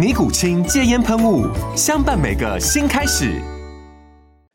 尼古清戒煙噴霧，相伴每個新開始。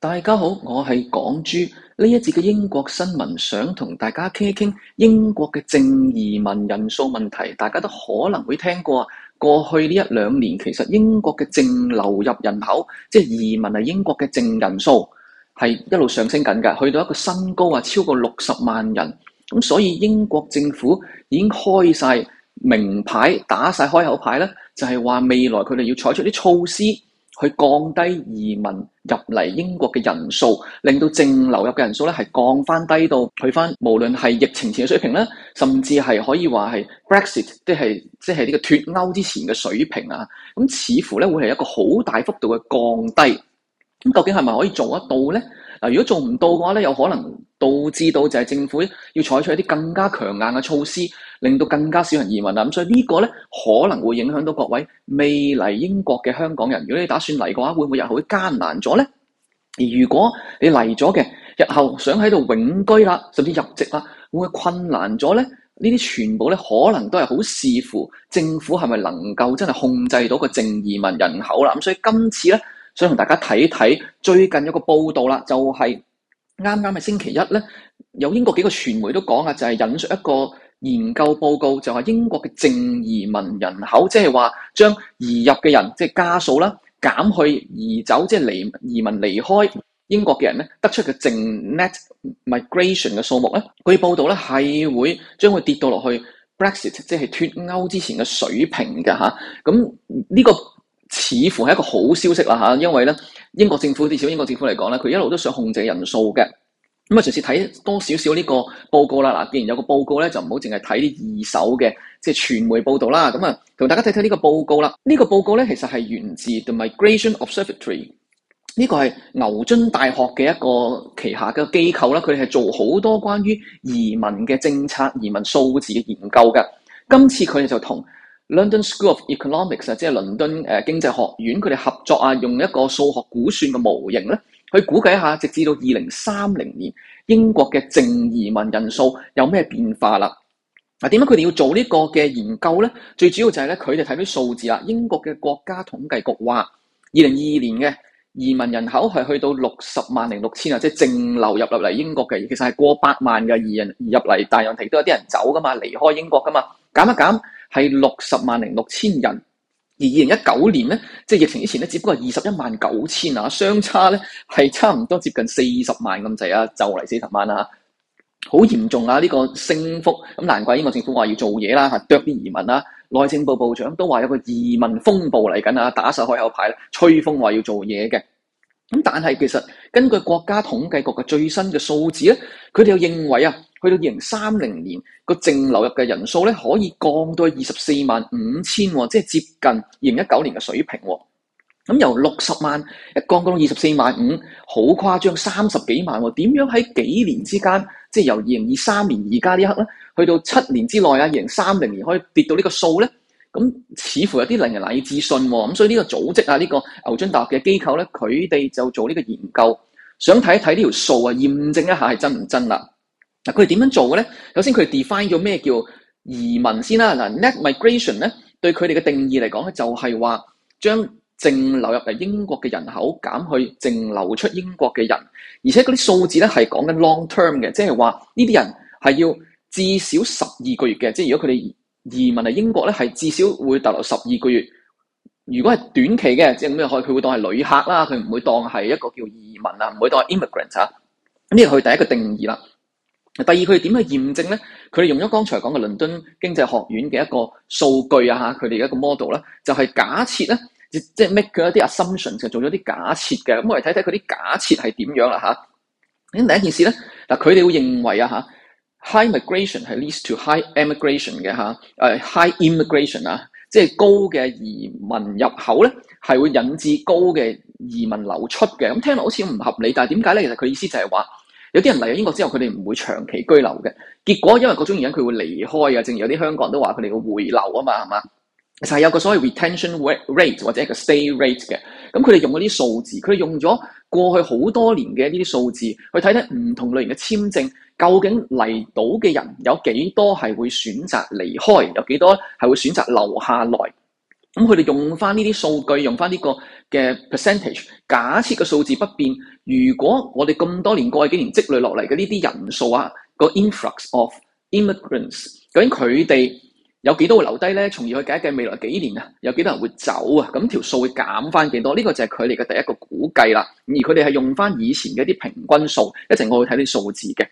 大家好，我係港豬。呢一節嘅英國新聞，想同大家傾一傾英國嘅淨移民人數問題。大家都可能會聽過，過去呢一兩年，其實英國嘅淨流入人口，即係移民啊，英國嘅淨人數係一路上升緊嘅，去到一個新高啊，超過六十萬人。咁所以英國政府已經開晒。名牌打晒開口牌呢，就係話未來佢哋要採取啲措施去降低移民入嚟英國嘅人數，令到淨流入嘅人數呢係降返低到去返，無論係疫情前嘅水平咧，甚至係可以話係 Brexit 即係即係呢個脱歐之前嘅水平啊，咁似乎呢會係一個好大幅度嘅降低。究竟係咪可以做得到呢？嗱，如果做唔到嘅話咧，有可能導致到就係政府要採取一啲更加強硬嘅措施，令到更加少人移民啦。咁所以呢個咧，可能會影響到各位未嚟英國嘅香港人。如果你打算嚟嘅話，會唔會日後會艱難咗咧？而如果你嚟咗嘅，日後想喺度永居啦，甚至入籍啦，會唔會困難咗咧？呢啲全部咧，可能都係好視乎政府係咪能夠真係控制到個淨移民人口啦。咁所以今次咧，想同大家睇一睇最近一個報道啦，就係啱啱喺星期一咧，有英國幾個傳媒都講啊，就係引述一個研究報告，就係英國嘅淨移民人口，即係話將移入嘅人即係加數啦，減去移走即係離移民離開英國嘅人咧，得出嘅淨 net migration 嘅數目咧，佢報道咧係會將佢跌到落去 Brexit 即係脫歐之前嘅水平嘅吓，咁呢個。似乎係一個好消息啦吓，因為咧英國政府，至少英國政府嚟講咧，佢一路都想控制人數嘅。咁啊，隨時睇多少少呢個報告啦。嗱，既然有個報告咧，就唔好淨係睇啲二手嘅，即係傳媒報導啦。咁啊，同大家睇睇呢個報告啦。呢、呢個報告咧，其實係源自同埋 Migration Observatory，呢個係牛津大學嘅一個旗下嘅機構啦。佢哋係做好多關於移民嘅政策、移民數字嘅研究嘅。今次佢哋就同 London School of Economics 啊，即係倫敦誒經濟學院，佢哋合作啊，用一個數學估算嘅模型咧，去估計一下直至到二零三零年英國嘅淨移民人數有咩變化啦？嗱，點解佢哋要做呢個嘅研究咧？最主要就係咧，佢哋睇啲數字啦。英國嘅國家統計局話，二零二二年嘅移民人口係去到六十萬零六千啊，即係淨流入入嚟英國嘅，其實係過百萬嘅移民入嚟，但係問題都有啲人走噶嘛，離開英國噶嘛，減一減。係六十萬零六千人，而二零一九年咧，即係疫情之前咧，只不過二十一萬九千啊，相差咧係差唔多接近四十萬咁滯啊，就嚟四十萬啦，好、啊、嚴重啊！呢、這個升幅咁難怪英國政府話要做嘢啦，吓、啊，剁啲移民啦、啊，內政部部長都話有個移民風暴嚟緊啊，打晒開口牌啦，吹風話要做嘢嘅。咁、啊、但係其實根據國家統計局嘅最新嘅數字咧，佢、啊、哋又認為啊。去到二零三零年，個淨流入嘅人數可以降到二十四萬五千喎，即係接近二零一九年嘅水平。咁由六十萬降到二十四萬五，好誇張，三十幾萬喎。點樣喺幾年之間，即係由二零二三年而家呢一刻呢，去到七年之內啊，二零三零年可以跌到呢個數呢？咁似乎有啲令人難以置信。咁所以呢個組織啊，呢個牛津大學嘅機構呢，佢哋就做呢個研究，想睇一睇呢條數啊，驗證一下係真唔真啦。佢哋點樣做嘅咧？首先佢哋 define 咗咩叫移民先啦。嗱，net migration 咧，對佢哋嘅定義嚟講咧，就係話將淨流入嚟英國嘅人口減去淨流出英國嘅人，而且嗰啲數字咧係講緊 long term 嘅，即係話呢啲人係要至少十二個月嘅。即係如果佢哋移民嚟英國咧，係至少會逗留十二個月。如果係短期嘅，即係咁樣，佢佢會當係旅客啦，佢唔會當係一個叫移民啊，唔會當係 immigrant 啊。咁呢個佢第一個定義啦。第二佢哋點去驗證咧？佢哋用咗剛才講嘅倫敦經濟學院嘅一個數據啊嚇，佢哋一個 model 咧，就係假設咧，即係 make 佢一啲 assumption，就做咗啲假設嘅。咁我哋睇睇佢啲假設係點樣啦嚇。咁第一件事咧，嗱佢哋會認為啊嚇，high migration 係 leads to high emigration 嘅嚇，誒 high immigration 啊，即係高嘅移民入口咧，係會引致高嘅移民流出嘅。咁聽落好似唔合理，但係點解咧？其實佢意思就係話。有啲人嚟咗英國之後，佢哋唔會長期居留嘅。結果因為各種原因，佢會離開啊。正如有啲香港人都話，佢哋會回流啊嘛，係嘛？就係有個所謂 retention rate 或者一個 stay rate 嘅。咁佢哋用嗰啲數字，佢哋用咗過去好多年嘅呢啲數字去睇睇唔同類型嘅簽證，究竟嚟到嘅人有幾多係會選擇離開，有幾多係會選擇留下來。咁佢哋用翻呢啲數據，用翻呢個嘅 percentage。假設個數字不變，如果我哋咁多年過去幾年積累落嚟嘅呢啲人數啊，個 influx of immigrants，究竟佢哋有幾多會留低咧？從而去計一計未來幾年啊，有幾多人會走啊？咁條數會減翻幾多？呢個就係佢哋嘅第一個估計啦。而佢哋係用翻以前嘅一啲平均數，一陣我會睇啲數字嘅。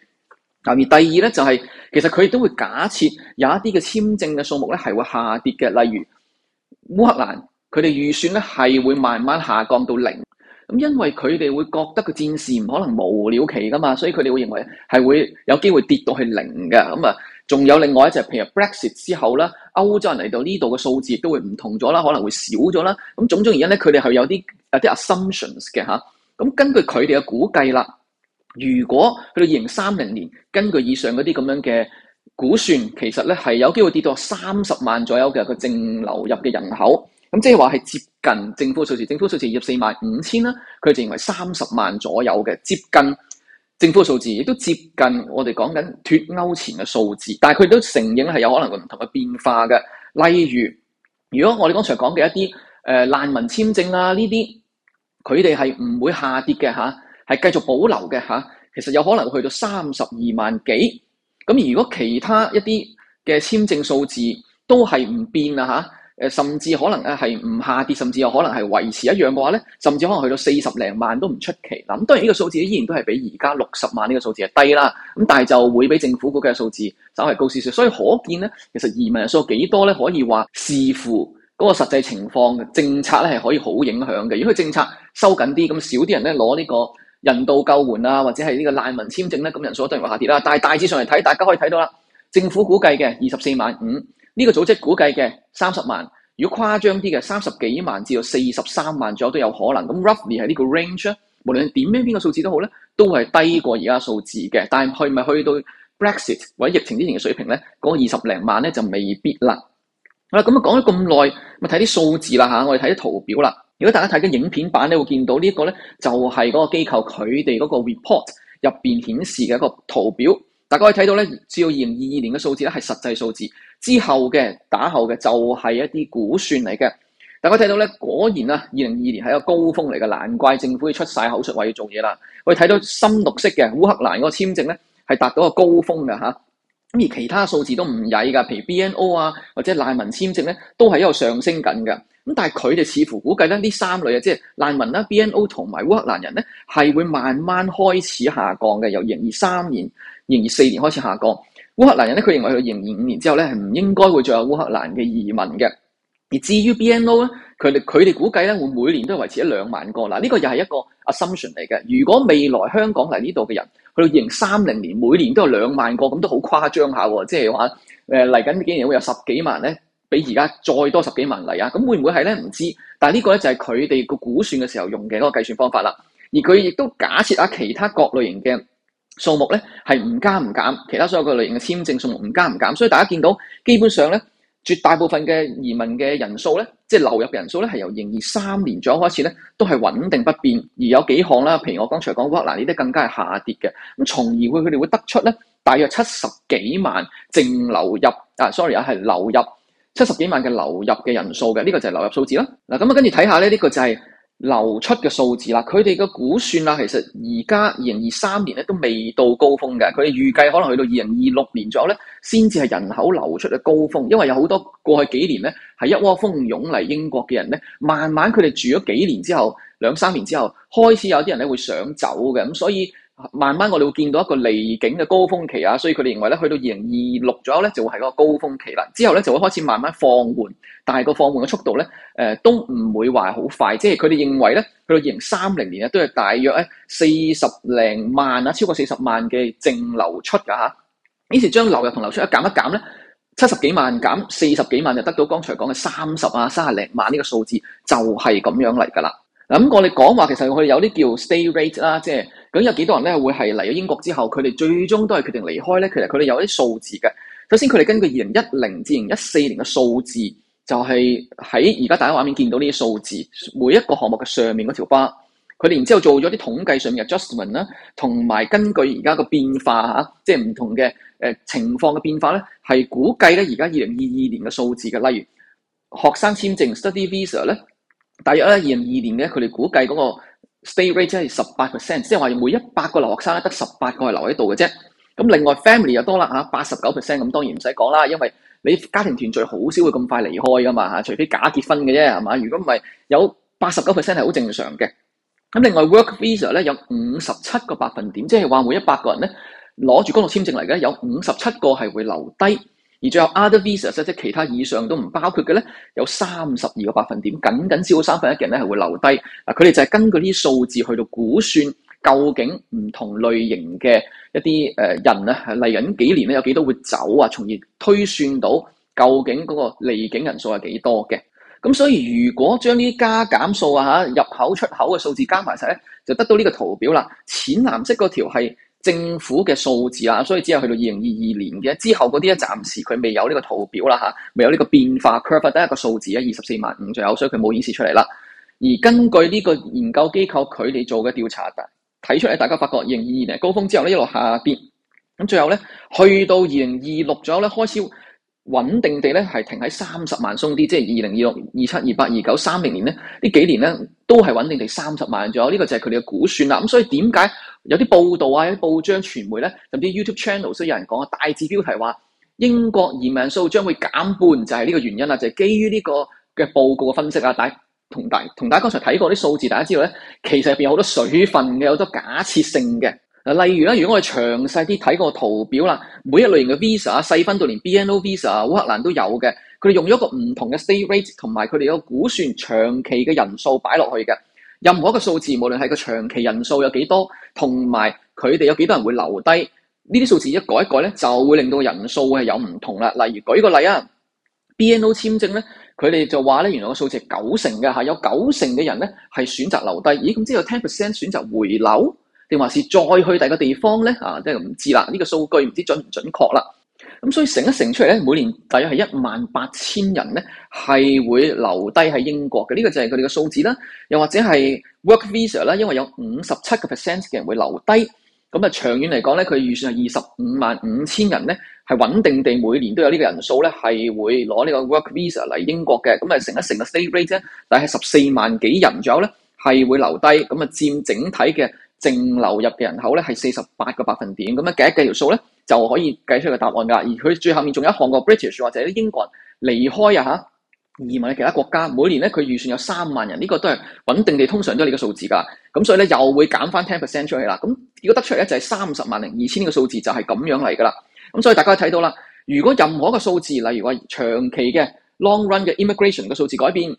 而第二咧就係，其實佢亦都會假設有一啲嘅簽證嘅數目咧係會下跌嘅，例如，烏克蘭佢哋預算咧係會慢慢下降到零，咁因為佢哋會覺得個戰事唔可能無了期噶嘛，所以佢哋會認為係會有機會跌到去零嘅。咁啊，仲有另外一隻，譬如 Brexit 之後咧，歐洲人嚟到呢度嘅數字都會唔同咗啦，可能會少咗啦。咁種種原因咧，佢哋係有啲有啲 assumptions 嘅吓咁、啊、根據佢哋嘅估計啦，如果去到二零三零年，根據以上嗰啲咁樣嘅。估算其實咧係有機會跌到三十萬左右嘅個淨流入嘅人口，咁即係話係接近政府嘅數字。政府嘅數字二十四萬五千啦，佢就認為三十萬左右嘅接近政府嘅數字，亦都接近我哋講緊脫歐前嘅數字。但係佢都承認係有可能個唔同嘅變化嘅，例如如果我哋剛才講嘅一啲誒、呃、難民簽證啊呢啲，佢哋係唔會下跌嘅嚇，係繼續保留嘅嚇。其實有可能去到三十二萬幾。咁如果其他一啲嘅簽證數字都係唔變啊吓，甚至可能誒係唔下跌，甚至有可能係維持一樣嘅話咧，甚至可能去到四十零萬都唔出奇。咁當然呢個數字依然都係比而家六十萬呢個數字係低啦，咁但係就會比政府嗰個數字稍微高少少。所以可見咧，其實移民人數幾多咧，可以話視乎嗰個實際情況嘅政策咧係可以好影響嘅。如果政策收緊啲，咁少啲人咧攞呢個人道救援啊，或者係呢個難民簽證呢，咁人數當然會下跌啦。但大致上嚟睇，大家可以睇到啦，政府估計嘅二十四萬五，呢個組織估計嘅三十萬，如果誇張啲嘅三十幾萬至到四十三萬左右都有可能。咁 roughly 係呢個 range，無論點樣邊個數字都好呢，都係低過而家數字嘅。但係去咪去到 Brexit 或者疫情之前嘅水平呢，嗰二十零萬呢就未必啦。嗱，咁啊講咗咁耐，咪睇啲數字啦嚇，我哋睇啲圖表啦。如果大家睇緊影片版你會見到呢一個咧就係嗰個機構佢哋嗰個 report 入邊顯示嘅一個圖表，大家可以睇到咧，只有二零二二年嘅數字咧係實際數字，之後嘅打後嘅就係一啲估算嚟嘅。大家睇到咧，果然啊，二零二二年係一個高峰嚟嘅，難怪政府要出晒口術話要做嘢啦。我哋睇到深綠色嘅烏克蘭嗰個簽證咧係達到一個高峰嘅吓。而其他數字都唔曳噶，譬如 BNO 啊，或者難民簽證咧，都係一度上升緊嘅。咁但係佢哋似乎估計咧，呢三類、就是、啊，即係難民啦、BNO 同埋烏克蘭人咧，係會慢慢開始下降嘅，由二零二三年、二零二四年開始下降。烏克蘭人咧，佢認為佢二零二五年之後咧，係唔應該會再有烏克蘭嘅移民嘅。而至於 BNO 咧。佢哋佢哋估計咧，會每年都係維持一兩萬個。嗱，呢個又係一個 assumption 嚟嘅。如果未來香港嚟呢度嘅人去到二零三零年，每年都有兩萬個，咁都好誇張下喎、哦。即係話誒嚟緊呢幾年會有十幾萬咧，比而家再多十幾萬嚟啊！咁會唔會係咧？唔知。但係呢個咧就係佢哋個估算嘅時候用嘅嗰個計算方法啦。而佢亦都假設啊，其他各類型嘅數目咧係唔加唔減，其他所有嘅類型嘅簽證數目唔加唔減。所以大家見到基本上咧。絕大部分嘅移民嘅人數呢，即係、就是、流入人數呢，係由盈餘三年左右開始呢，都係穩定不變。而有幾項啦，譬如我剛才講，嗱，呢啲更加係下跌嘅。咁從而會佢哋會得出呢，大約七十幾萬淨流入啊，sorry 係流入七十幾萬嘅流入嘅人數嘅，呢、這個就係流入數字啦。嗱，咁啊跟住睇下呢，呢、這個就係、是。流出嘅數字啦，佢哋嘅估算啦，其實而家二零二三年咧都未到高峰嘅，佢哋預計可能去到二零二六年左右咧，先至係人口流出嘅高峰，因為有好多過去幾年咧係一窩蜂湧嚟英國嘅人咧，慢慢佢哋住咗幾年之後，兩三年之後，開始有啲人咧會想走嘅，咁所以。慢慢我哋會見到一個離境嘅高峰期啊，所以佢哋認為咧，去到二零二六左右咧，就會係嗰個高峰期啦。之後咧就會開始慢慢放緩，但係個放緩嘅速度咧，誒、呃、都唔會話好快。即係佢哋認為咧，去到二零三零年呢，都係大約咧四十零萬啊，超過四十萬嘅淨流出噶吓。於、啊、是將流入同流出一減一減咧，七十幾萬減，四十幾萬，就得到剛才講嘅三十啊、三十零萬呢個數字，就係、是、咁樣嚟噶啦。咁、嗯、我哋講話，其實我哋有啲叫 stay rate 啦，即係咁有幾多人咧會係嚟咗英國之後，佢哋最終都係決定離開咧。其實佢哋有啲數字嘅。首先，佢哋根據二零一零至二零一四年嘅數字，就係喺而家大家畫面見到呢啲數字，每一個項目嘅上面嗰條 bar，佢哋然之後做咗啲統計上面嘅 adjustment 啦，同埋根據而家個變化吓，即係唔同嘅、呃、情況嘅變化咧，係估計咧而家二零二二年嘅數字嘅。例如學生簽證 study visa 咧。大約咧二零二二年嘅佢哋估計嗰個 stay rate 是即係十八 percent，即係話每一百個留學生咧得十八個係留喺度嘅啫。咁另外 family 又多啦嚇，八十九 percent 咁當然唔使講啦，因為你家庭團聚好少會咁快離開噶嘛嚇、啊，除非假結婚嘅啫係嘛。如果唔係，有八十九 percent 係好正常嘅。咁另外 work visa 咧有五十七個百分點，即係話每一百個人咧攞住工作簽證嚟嘅有五十七個係會留低。而最後 other visas 即係其他以上都唔包括嘅咧，有三十二個百分點，僅僅少三分一嘅人係會留低。嗱，佢哋就係根據啲數字去到估算，究竟唔同類型嘅一啲誒人啊，嚟緊幾年咧有幾多會走啊，從而推算到究竟嗰個離境人數係幾多嘅。咁所以如果將啲加減數啊嚇，入口出口嘅數字加埋晒咧，就得到呢個圖表啦。淺藍色嗰條係政府嘅數字啊，所以只有去到二零二二年嘅之後嗰啲咧，暫時佢未有呢個圖表啦嚇，未有呢個變化 curve，得一個數字咧，二十四萬五左右，所以佢冇顯示出嚟啦。而根據呢個研究機構佢哋做嘅調查，睇出嚟大家發覺二零二二年高峰之後呢一路下跌，咁最後咧去到二零二六左右呢開始，穩定地咧，係停喺三十萬鬆啲，即係二零二六、二七、二八、二九、三零年咧，呢幾年咧都係穩定地三十萬。仲有呢個就係佢哋嘅估算啦。咁所以點解有啲報道啊、有啲報章傳媒咧，甚至 YouTube channel 都有人講大字標題話英國移民數將會減半，就係呢個原因啦。就係、係、基於呢個嘅報告嘅分析啊，大同大同大家剛才睇過啲數字，大家知道咧，其實入邊有好多水分嘅，有好多假設性嘅。啊，例如咧，如果我哋詳細啲睇個圖表啦，每一類型嘅 Visa 細分到連 BNO Visa、烏克蘭都有嘅，佢哋用咗一個唔同嘅 Stay Rate 同埋佢哋嘅估算長期嘅人數擺落去嘅。任何一個數字，無論係個長期人數有幾多，同埋佢哋有幾多人會留低，呢啲數字一改一改咧，就會令到人數係有唔同啦。例如舉個例啊，BNO 簽證咧，佢哋就話咧，原來個數字係九成嘅吓，有九成嘅人咧係選擇留低。咦，咁即係有 ten percent 選擇回流。定還是再去第個地方咧？啊，即係唔知啦，呢個數據唔知準唔準確啦。咁所以乘一乘出嚟咧，每年大約係一萬八千人咧，係會留低喺英國嘅。呢個就係佢哋嘅數字啦。又或者係 work visa 啦。因為有五十七個 percent 嘅人會留低。咁啊，長遠嚟講咧，佢預算係二十五萬五千人咧，係穩定地每年都有呢個人數咧，係會攞呢個 work visa 嚟英國嘅。咁啊，乘一乘個 stay rate 啫，但係十四萬幾人左右咧，係會留低。咁啊，佔整體嘅。淨流入嘅人口咧，係四十八個百分點，咁樣計一計條數咧，就可以計出個答案㗎。而佢最後面仲有一項個 British，或者啲英國人離開啊嚇移民嘅其他國家，每年咧佢預算有三萬人，呢、這個都係穩定地，通常都係呢個數字㗎。咁所以咧又會減翻 ten percent 出去啦。咁結果得出嚟咧，就係三十萬零二千，呢個數字就係咁樣嚟㗎啦。咁所以大家睇到啦，如果任何一個數字，例如話長期嘅 long run 嘅 immigration 嘅數字改變。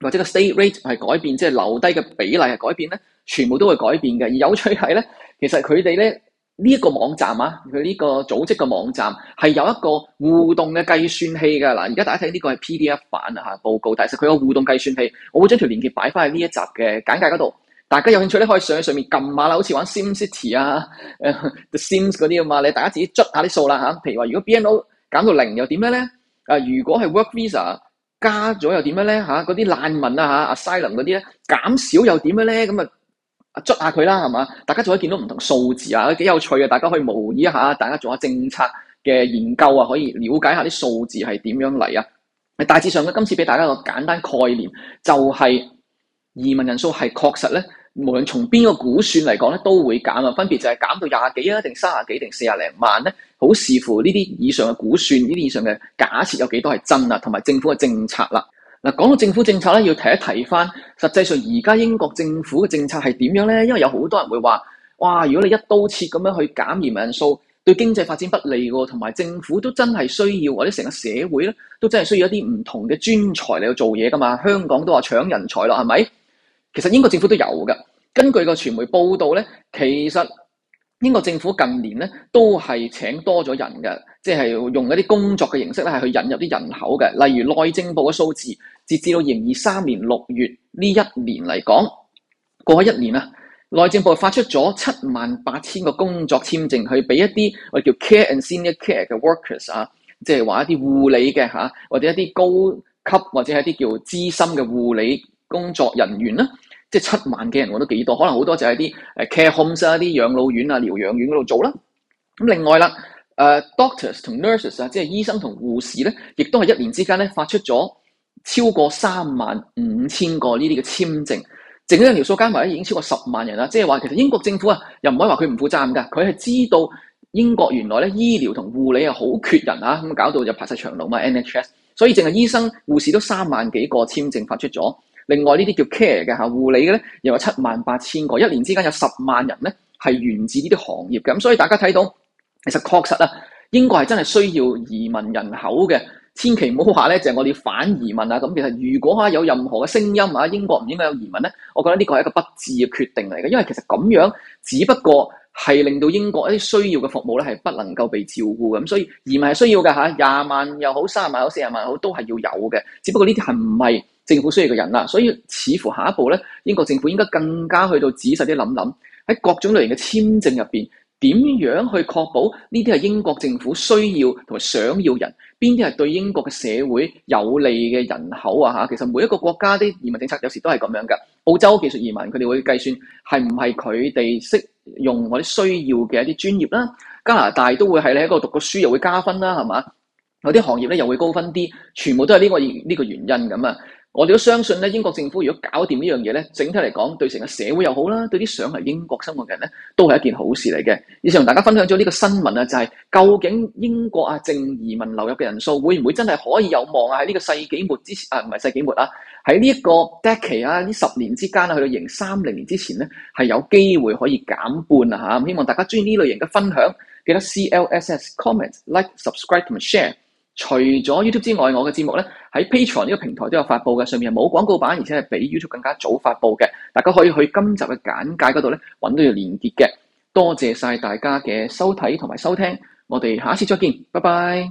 或者個 state rate 係改變，即係留低嘅比例係改變咧，全部都會改變嘅。而有趣係咧，其實佢哋咧呢一個網站啊，佢呢個組織嘅網站係有一個互動嘅計算器嘅嗱。而家大家睇呢個係 PDF 版啊，吓報告，但係實佢有互動計算器，我會將條連結擺翻喺呢一集嘅簡介嗰度。大家有興趣咧，可以上去上面撳下啦，好似玩 SimCity 啊，啊，The Sims 嗰啲啊嘛。你大家自己捽下啲數啦吓、啊，譬如話，如果 BNO 減到零又點樣咧？啊，如果係 Work Visa，加咗又點樣咧？嚇，嗰啲難民啊嚇，阿西林嗰啲咧減少又點樣咧？咁啊，捉下佢啦，係嘛？大家仲可以見到唔同數字啊，幾有趣啊！大家可以模擬一下，大家做下政策嘅研究啊，可以了解下啲數字係點樣嚟啊。大致上咧，今次俾大家一個簡單概念，就係、是、移民人數係確實咧。無論從邊個估算嚟講咧，都會減啊！分別就係減到廿幾啊，定三十幾定四十零萬咧，好視乎呢啲以上嘅估算，呢啲以上嘅假設有幾多係真啦，同埋政府嘅政策啦。嗱，講到政府政策咧，要提一提翻，實際上而家英國政府嘅政策係點樣咧？因為有好多人會話，哇！如果你一刀切咁樣去減移民數，對經濟發展不利，同埋政府都真係需要，或者成個社會咧都真係需要一啲唔同嘅專才嚟去做嘢噶嘛？香港都話搶人才咯，係咪？其實英國政府都有㗎，根據個傳媒報道咧，其實英國政府近年咧都係請多咗人嘅，即係用一啲工作嘅形式咧，係去引入啲人口嘅。例如內政部嘅數字，截至到二零二三年六月呢一年嚟講，過去一年啊，內政部發發出咗七萬八千個工作簽證去給一些，去俾一啲我哋叫 care and senior care 嘅 workers 啊，即係話一啲護理嘅、啊、或者一啲高級或者係一啲叫資深嘅護理工作人員啦。即係七萬幾人，我都幾多，可能好多就係啲 care homes 啊、啲養老院啊、療養院嗰度做啦。咁另外啦，誒 doctors 同 nurses 啊，nurses，即係醫生同護士咧，亦都係一年之間咧發出咗超過三萬五千個呢啲嘅簽證，淨係一條數加埋咧已經超過十萬人啦。即係話其實英國政府啊，又唔可以話佢唔負責任㗎，佢係知道英國原來咧醫療同護理係好缺人啊，咁搞到就排晒長龍啊 NHS，所以淨係醫生護士都三萬幾個簽證發出咗。另外呢啲叫 care 嘅吓，護理嘅咧，又有七萬八千個，一年之間有十萬人咧係源自呢啲行業嘅，咁所以大家睇到其實確實啊，英國係真係需要移民人口嘅，千祈唔好話咧就係、是、我哋反移民啊！咁其實如果啊有任何嘅聲音啊，英國唔應該有移民咧，我覺得呢個係一個不智嘅決定嚟嘅，因為其實咁樣只不過係令到英國一啲需要嘅服務咧係不能夠被照顧嘅，咁所以移民係需要嘅嚇，廿、啊、萬又好，三十萬又好，四十萬又好都係要有嘅，只不過呢啲係唔係。政府需要嘅人啦，所以似乎下一步咧，英國政府應該更加去到仔細啲諗諗，喺各種類型嘅簽證入邊，點樣去確保呢啲係英國政府需要同埋想要人，邊啲係對英國嘅社會有利嘅人口啊？嚇，其實每一個國家啲移民政策有時都係咁樣㗎。澳洲技術移民佢哋會計算係唔係佢哋適用我哋需要嘅一啲專業啦，加拿大都會係你喺度讀個書又會加分啦，係嘛？有啲行業咧又會高分啲，全部都係呢、這個呢、這個原因咁啊。我哋都相信咧，英國政府如果搞掂呢樣嘢咧，整體嚟講對成個社會又好啦，對啲想嚟英國生活嘅人咧，都係一件好事嚟嘅。以上同大家分享咗呢個新聞啊，就係究竟英國啊正移民流入嘅人數會唔會真係可以有望啊？喺呢個世紀末之前啊，唔係世紀末啊，喺呢一個 decade 啊，呢十年之間啊，去到二零三零年之前咧，係有機會可以減半啊嚇！希望大家中意呢類型嘅分享，記得 CLSS comment like subscribe 同埋 share。除咗 YouTube 之外，我嘅節目呢喺 Patreon 呢個平台都有發佈嘅，上面係冇廣告版，而且係比 YouTube 更加早發佈嘅。大家可以去今集嘅簡介嗰度搵到條鏈接嘅。多謝晒大家嘅收睇同埋收聽，我哋下次再見，拜拜。